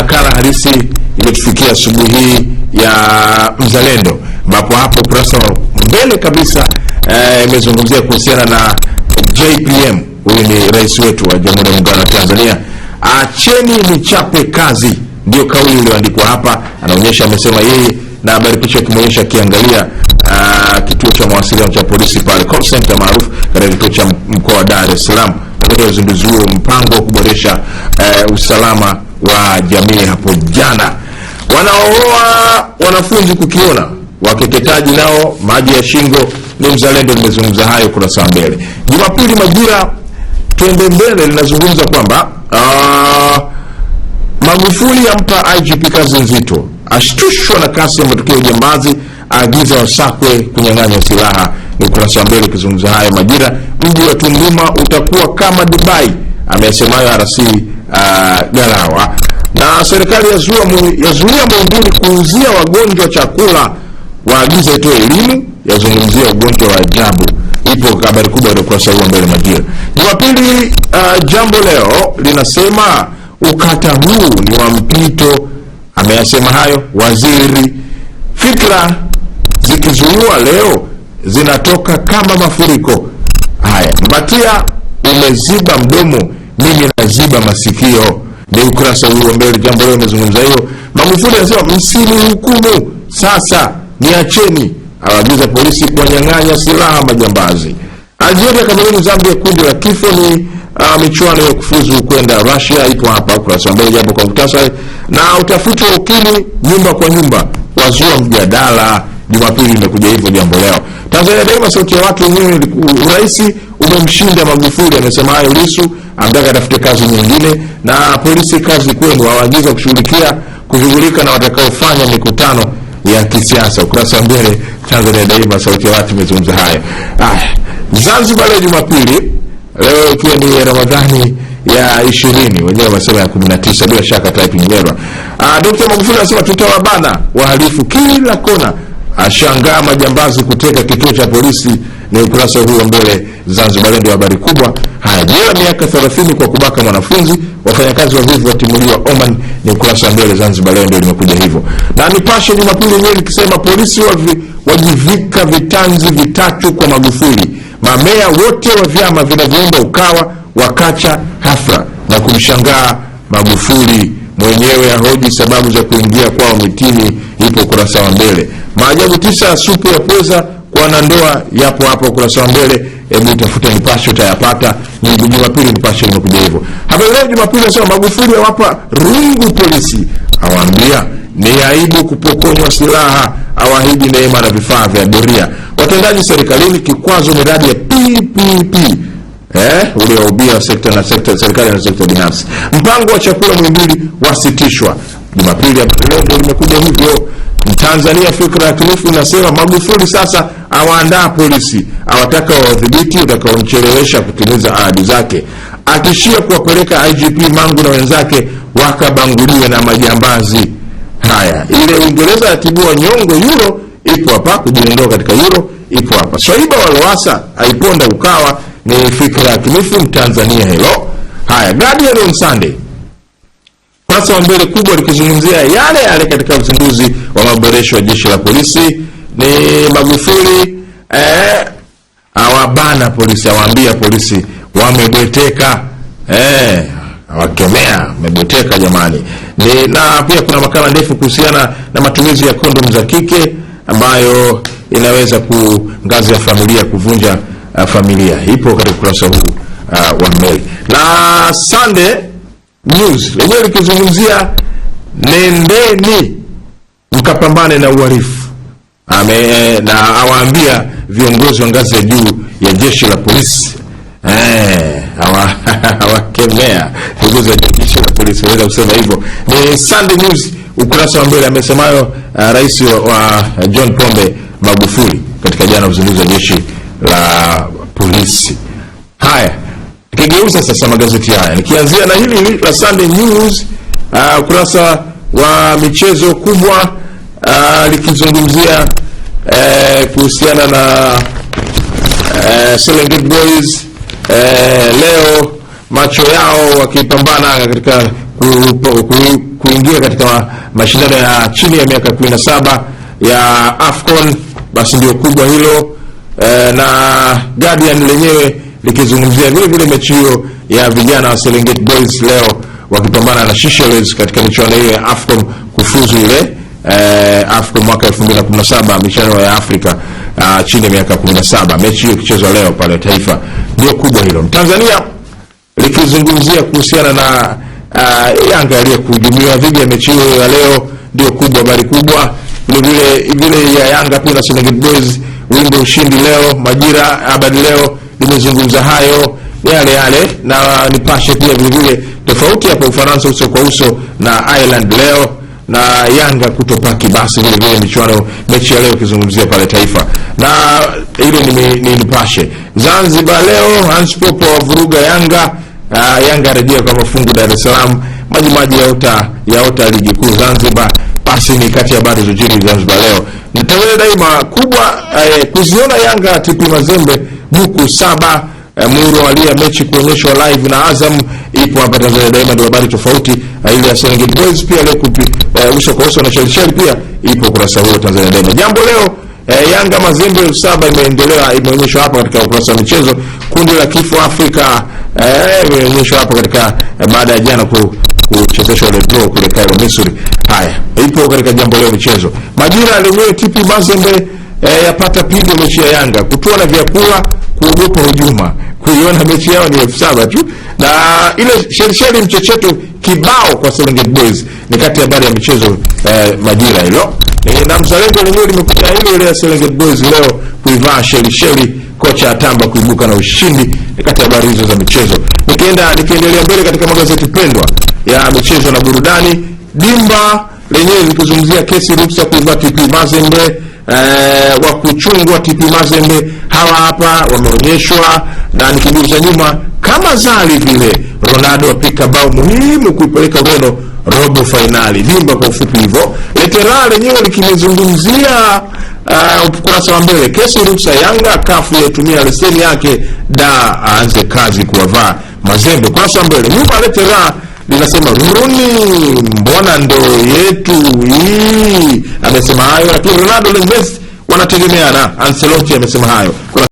nakala halisi imetufikia asubuhi hii ya Mzalendo, ambapo hapo ukurasa wa mbele kabisa eh, imezungumzia e, kuhusiana na JPM. Huyu ni rais wetu wa Jamhuri ya Muungano wa Tanzania. Acheni nichape kazi, ndio kauli iliyoandikwa hapa. Anaonyesha amesema yeye na habari, picha ikimwonyesha akiangalia ah, kituo cha mawasiliano cha polisi pale call center maarufu katika kituo cha mkoa wa Dar es Salaam, uzinduzi huo mpango wa kuboresha uh, usalama wa jamii hapo jana. wanaooa wanafunzi kukiona, wakeketaji nao maji ya shingo ni Mzalendo. Nimezungumza hayo kurasa mbele. Jumapili Majira tuende mbele linazungumza kwamba ah, Magufuli ampa IGP kazi nzito, ashtushwa na kasi ya matukio ya ujambazi, aagiza wasakwe kunyang'anya silaha. Ni ukurasa wa mbele ukizungumza hayo Majira. Mji wa Tunduma utakuwa kama Dubai, ameasemayo RC uh, Na serikali yazuia Muhimbili kuuzia wagonjwa chakula, waagize tu elimu yazungumzia ugonjwa wa ajabu. Ipo habari kubwa iliyokurasa huu mbele Majira Jumapili. Uh, Jambo Leo linasema ukata huu ni wa mpito. Ameyasema hayo waziri. Fikra zikizuiwa leo zinatoka kama mafuriko. Haya, Mbatia umeziba mdomo mimi naziba masikio. Ni ukurasa huo mbele, jambo leo amezungumza hiyo. Magufuli anasema msini hukumu sasa, niacheni. Awaagiza polisi kuwanyang'anya silaha majambazi. Algeria, Kameruni, Zambia, kundi la kifo ni uh, michuano ya kufuzu kwenda Russia ipo hapa ukurasa wa mbele, japo kwa mtasa. Na utafiti wa ukimwi nyumba kwa nyumba wazua mjadala Jumapili imekuja hivyo Jambo Leo. Tanzania Daima, sauti ya watu wenyewe. Urais umemshinda Magufuli, amesema hayo Lisu amtaka atafute kazi nyingine. Na polisi kazi kwenu, waagiza kushughulikia kushughulika na watakaofanya mikutano ya kisiasa. Ukurasa wa mbele Tanzania Daima, sauti ya watu imezungumza haya Ah, Zanzibar leo Jumapili, leo ikiwa ni Ramadhani ya ishirini, wenyewe wanasema ya kumi na tisa, bila shaka typing error. Ah, Dr. Magufuli anasema tutawabana wahalifu kila kona, ashangaa majambazi kuteka kituo cha polisi. Ni ukurasa huu mbele Zanzibar, ndio habari kubwa. Haya, jela miaka 30 kwa kubaka mwanafunzi. Wafanyakazi wavivu watimuliwa Oman, ni ukurasa wa mbele. Zanzibar Leo ndio limekuja hivyo, na Nipashe Jumapili yenyewe likisema polisi wajivika vitanzi vitatu kwa Magufuli, mamea wote wa vyama vinavyounda Ukawa wakacha hafra na kumshangaa Magufuli mwenyewe ahoji sababu za kuingia kwao mitini, ipo ukurasa wa mbele. Maajabu tisa ya supu ya pweza kwa wanandoa yapo hapo ukurasa wa mbele, hebu tafuta nipashe utayapata. Ni Jumapili nipashe imekuja hivyo. Habari leo Jumapili nasema Magufuli awapa rungu polisi, awaambia ni aibu kupokonywa silaha, awahidi neema na vifaa vya doria. Watendaji serikalini kikwazo miradi ya PPP eh, ulioubia sekta na sekta serikali na sekta binafsi. Mpango wa chakula mwimbili wasitishwa. Jumapili habari leo ndio limekuja hivyo. Mtanzania Fikra Yakinifu inasema Magufuli sasa awaandaa polisi, awataka wawadhibiti utakaomchelewesha kutimiza ahadi zake, akishia kuwapeleka IGP Mangu na wenzake wakabanguliwe na majambazi. Haya, ile Uingereza yatibua nyongo yuro ipo hapa, kujiondoa katika yuro ipo hapa. Swaiba wa Lowassa aiponda Ukawa ni fikra ya Mtanzania hilo. Haya, Guardian on Sunday kurasa wa mbele kubwa likizungumzia yale yale katika uzinduzi wa maboresho ya jeshi la polisi ni Magufuli eh, awabana polisi, awaambia polisi wamebweteka eh, awakemea mebweteka jamani. Ni, na pia kuna makala ndefu kuhusiana na matumizi ya kondom za kike ambayo inaweza ku ngazi ya familia kuvunja uh, familia, ipo katika ukurasa huu uh, wa Meli. Na Sunday News lenyewe likizungumzia nendeni mkapambane na uhalifu ame, na awaambia viongozi wa ngazi ya juu ya jeshi la polisi eh, awakemea viongozi wa jeshi la polisi, waweza kusema hivyo. Ni Sunday News ukurasa wa mbele amesemayo uh, rais wa, uh, John Pombe Magufuli katika jana uzinduzi wa jeshi la polisi. Haya, nikigeuza sasa magazeti haya nikianzia na hili la Sunday News uh, ukurasa wa michezo kubwa likizungumzia ah, eh, kuhusiana na eh, Serengeti Boys eh, leo macho yao wakipambana katika kuingia katika mashindano ya chini ya miaka 17 ya Afcon, basi ndio kubwa hilo eh, na Guardian lenyewe likizungumzia vile vile mechi hiyo ya vijana wa Serengeti Boys leo wakipambana na Seychelles katika michuano hiyo ya Afcon kufuzu ile eh, AFCON mwaka 2017 michuano ya Afrika uh, chini ya miaka 17. Mechi hiyo ikichezwa leo pale Taifa, ndio kubwa hilo. Tanzania likizungumzia kuhusiana na uh, Yanga aliyekuhujumiwa dhidi ya mechi hiyo ya leo, ndio kubwa, habari kubwa vile vile ya Yanga pia na Serengeti Boys, wimbo ushindi leo. Majira habari leo limezungumza hayo yale yale, na Nipashe pia vile vile, tofauti hapo Ufaransa uso kwa uso na Ireland leo na Yanga kutopaki basi vile vile michuano mechi ya leo ikizungumzia pale Taifa, na ile ni nipashe. Zanzibar leo hanspopo wavuruga Yanga. Uh, Yanga arejea kwa mafungu Dar es Salaam. Majimaji yaota yaota ligi kuu Zanzibar. Basi ni kati ya habari zojiri Zanzibar leo nitawele daima kubwa eh, kuziona Yanga tipi Mazembe buku saba Muro Muroalia mechi kuonyeshwa live na Azam ipo hapa Tanzania Daima, ndio habari tofauti ah, ile ya Serengeti Boys pia leo kupi, uh, eh, uso kwa uso na Shelisheli pia ipo kurasa huo Tanzania Daima. Jambo leo eh, Yanga Mazembe 7 imeendelea imeonyeshwa hapa katika ukurasa wa michezo. Kundi la Kifu Afrika eh, imeonyeshwa hapa katika eh, baada ya jana ku kuchezesha ile draw kule Cairo Misri. Haya, ipo katika jambo leo michezo. Majira lenyewe TP Mazembe eh, yapata pigo mechi ya Yanga kutoa na vyakula kuogopa hujuma kuiona mechi yao ni elfu saba tu, na ile sherisheri mchecheto kibao kwa Serengeti Boys ni kati ya habari ya michezo eh, majira hilo e, na mzalendo lenyewe limekuja ile ile ya Serengeti Boys leo kuivaa sherisheri kocha Atamba kuibuka na ushindi ni kati ya habari hizo za michezo. Nikienda nikiendelea mbele katika magazeti pendwa ya michezo na burudani, Dimba lenyewe likizungumzia kesi ruksa kuivaa TP Mazembe eh, wa kuchungwa TP Mazembe hawa hapa wameonyeshwa, na nikigeuza nyuma kama zali vile Ronaldo apika bao muhimu kuipeleka Ureno robo fainali. Jumba kwa ufupi hivyo. Letera lenyewe likimezungumzia uh, ukurasa wa mbele kesi ruksa Yanga, kafu yaitumia leseni yake da aanze kazi kuwavaa Mazembe. Ukurasa wa mbele nyuma Letera linasema Rooney, mbona ndo yetu hii. Amesema hayo Lakini pia Ronaldo Messi wanategemeana. Ancelotti amesema hayo.